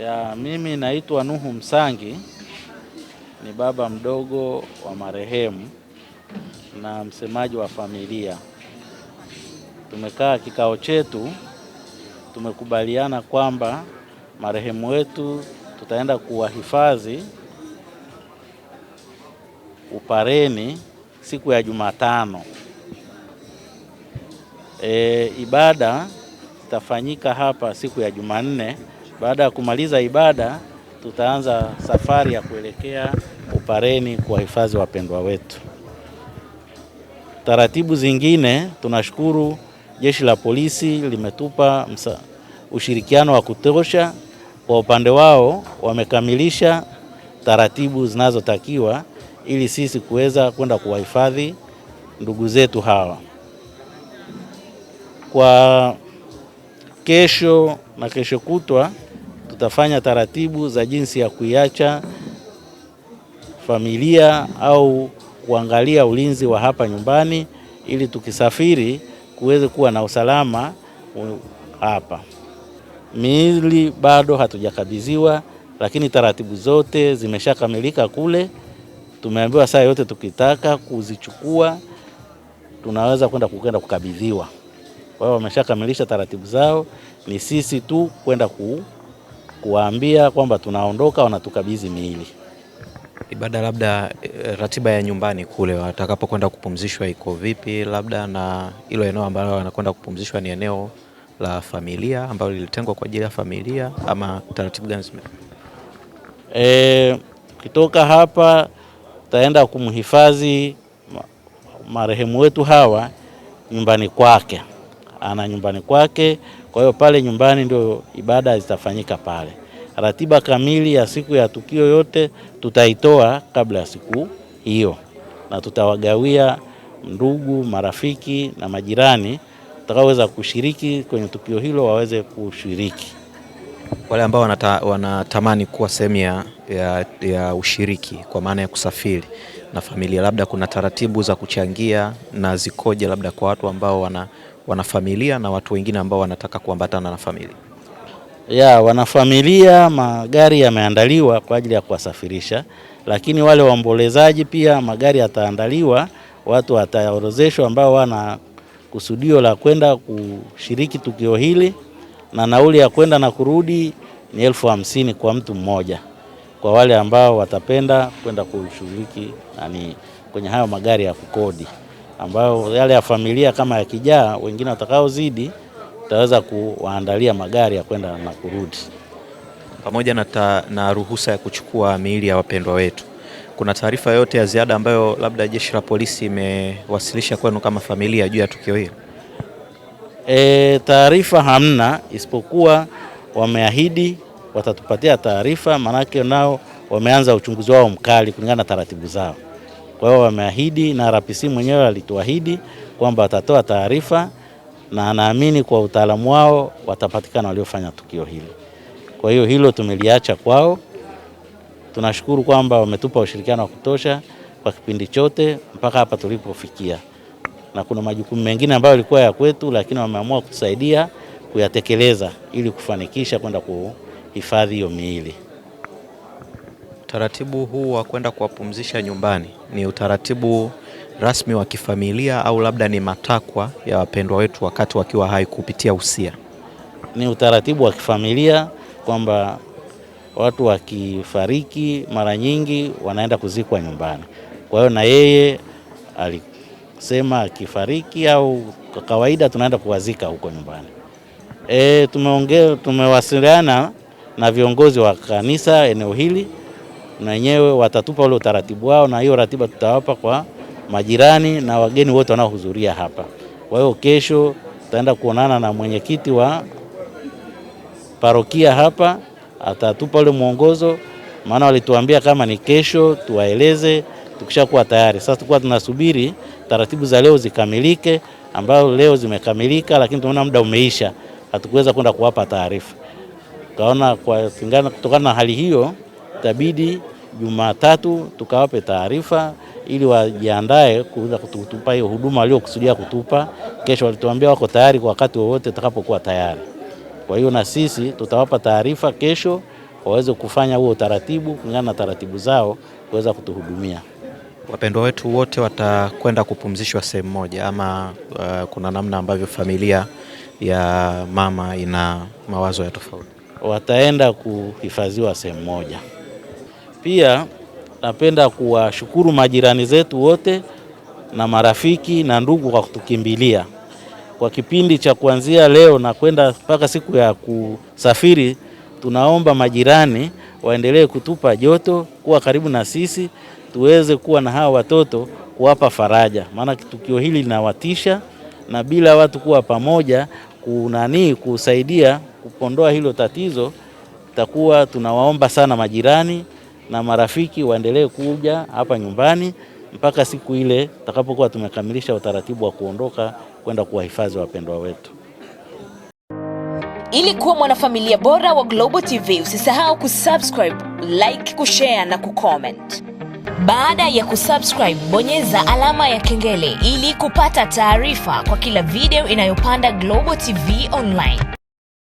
Ya, mimi naitwa Nuhu Msangi, ni baba mdogo wa marehemu na msemaji wa familia. Tumekaa kikao chetu, tumekubaliana kwamba marehemu wetu tutaenda kuwahifadhi Upareni siku ya Jumatano. E, ibada itafanyika hapa siku ya Jumanne. Baada ya kumaliza ibada, tutaanza safari ya kuelekea Upareni kuwahifadhi wapendwa wetu. Taratibu zingine, tunashukuru jeshi la polisi limetupa msa, ushirikiano wa kutosha. Kwa upande wao wamekamilisha taratibu zinazotakiwa ili sisi kuweza kwenda kuwahifadhi ndugu zetu hawa. Kwa kesho na kesho kutwa tutafanya taratibu za jinsi ya kuiacha familia au kuangalia ulinzi wa hapa nyumbani ili tukisafiri kuweze kuwa na usalama hapa. Miili bado hatujakabidhiwa, lakini taratibu zote zimeshakamilika kule. Tumeambiwa saa yote tukitaka kuzichukua tunaweza kwenda kukenda kukabidhiwa. hiyo wameshakamilisha taratibu zao, ni sisi tu kwenda ku kuwaambia kwamba tunaondoka, wanatukabidhi miili. Ibada labda eh, ratiba ya nyumbani kule watakapokwenda kupumzishwa iko vipi? Labda na hilo eneo ambalo wanakwenda kupumzishwa ni eneo la familia ambalo lilitengwa kwa ajili ya familia ama taratibu gani zime eh? Ukitoka hapa taenda kumhifadhi marehemu wetu hawa nyumbani kwake, ana nyumbani kwake. Kwa hiyo pale nyumbani ndio ibada zitafanyika pale. Ratiba kamili ya siku ya tukio yote tutaitoa kabla ya siku hiyo, na tutawagawia ndugu, marafiki na majirani watakaoweza kushiriki kwenye tukio hilo waweze kushiriki. Wale ambao wanata, wanatamani kuwa sehemu ya, ya ushiriki kwa maana ya kusafiri na familia, labda kuna taratibu za kuchangia na zikoje, labda kwa watu ambao wana wanafamilia na watu wengine ambao wanataka kuambatana na familia? Ya wanafamilia magari yameandaliwa kwa ajili ya kuwasafirisha, lakini wale waombolezaji pia magari yataandaliwa, watu wataorozeshwa ambao wana kusudio la kwenda kushiriki tukio hili, na nauli ya kwenda na kurudi ni elfu hamsini kwa mtu mmoja, kwa wale ambao watapenda kwenda kushiriki nani kwenye hayo magari ya kukodi ambayo yale ya familia kama yakijaa, wengine watakaozidi tutaweza kuwaandalia magari ya kwenda na kurudi, pamoja na, ta, na ruhusa ya kuchukua miili ya wapendwa wetu. Kuna taarifa yoyote ya ziada ambayo labda jeshi la polisi imewasilisha kwenu kama familia juu ya tukio hili? E, taarifa hamna, isipokuwa wameahidi watatupatia taarifa, maanake nao wameanza uchunguzi wao mkali kulingana na taratibu zao. Kwa hiyo wameahidi na RPC mwenyewe alituahidi kwamba watatoa taarifa na anaamini kwa utaalamu wao watapatikana waliofanya tukio hili. Kwa hiyo hilo tumeliacha kwao. Tunashukuru kwamba wametupa ushirikiano wa kutosha kwa kipindi chote mpaka hapa tulipofikia, na kuna majukumu mengine ambayo yalikuwa ya kwetu, lakini wameamua kutusaidia kuyatekeleza ili kufanikisha kwenda kuhifadhi hiyo miili. Utaratibu huu wa kwenda kuwapumzisha nyumbani ni utaratibu rasmi wa kifamilia au labda ni matakwa ya wapendwa wetu wakati wakiwa hai kupitia usia? Ni utaratibu wa kifamilia kwamba watu wakifariki mara nyingi wanaenda kuzikwa nyumbani. Kwa hiyo na yeye alisema akifariki au kwa kawaida tunaenda kuwazika huko nyumbani. E, tumeongea tumewasiliana na viongozi wa kanisa eneo hili na wenyewe watatupa ule utaratibu wao, na hiyo ratiba tutawapa kwa majirani na wageni wote wanaohudhuria hapa. Kwa hiyo kesho tutaenda kuonana na mwenyekiti wa parokia hapa, atatupa ule mwongozo, maana walituambia kama ni kesho tuwaeleze tukishakuwa tayari. Sasa tulikuwa tunasubiri taratibu za leo zikamilike, ambazo leo zimekamilika, lakini tunaona muda umeisha, hatukuweza kwenda kuwapa taarifa. Tukaona kwa kutokana na hali hiyo itabidi Jumatatu tukawape taarifa ili wajiandae kuweza kutupa hiyo huduma waliokusudia kutupa kesho. Walituambia wako tayari kwa wakati wowote utakapokuwa tayari. Kwa hiyo na sisi tutawapa taarifa kesho waweze kufanya huo utaratibu kulingana na taratibu zao kuweza kutuhudumia. Wapendwa wetu wote watakwenda kupumzishwa sehemu moja ama, uh, kuna namna ambavyo familia ya mama ina mawazo ya tofauti, wataenda kuhifadhiwa sehemu moja. Pia napenda kuwashukuru majirani zetu wote na marafiki na ndugu kwa kutukimbilia kwa kipindi cha kuanzia leo na kwenda mpaka siku ya kusafiri. Tunaomba majirani waendelee kutupa joto, kuwa karibu na sisi, tuweze kuwa na hawa watoto, kuwapa faraja, maana tukio hili linawatisha, na bila watu kuwa pamoja kunanii kusaidia kupondoa hilo tatizo, takuwa tunawaomba sana majirani na marafiki waendelee kuja hapa nyumbani mpaka siku ile tutakapokuwa tumekamilisha utaratibu wa kuondoka kwenda kuwahifadhi wapendwa wetu. Ili kuwa mwanafamilia bora wa Global TV, usisahau kusubscribe, like, kushare na kucomment. Baada ya kusubscribe, bonyeza alama ya kengele ili kupata taarifa kwa kila video inayopanda Global TV Online.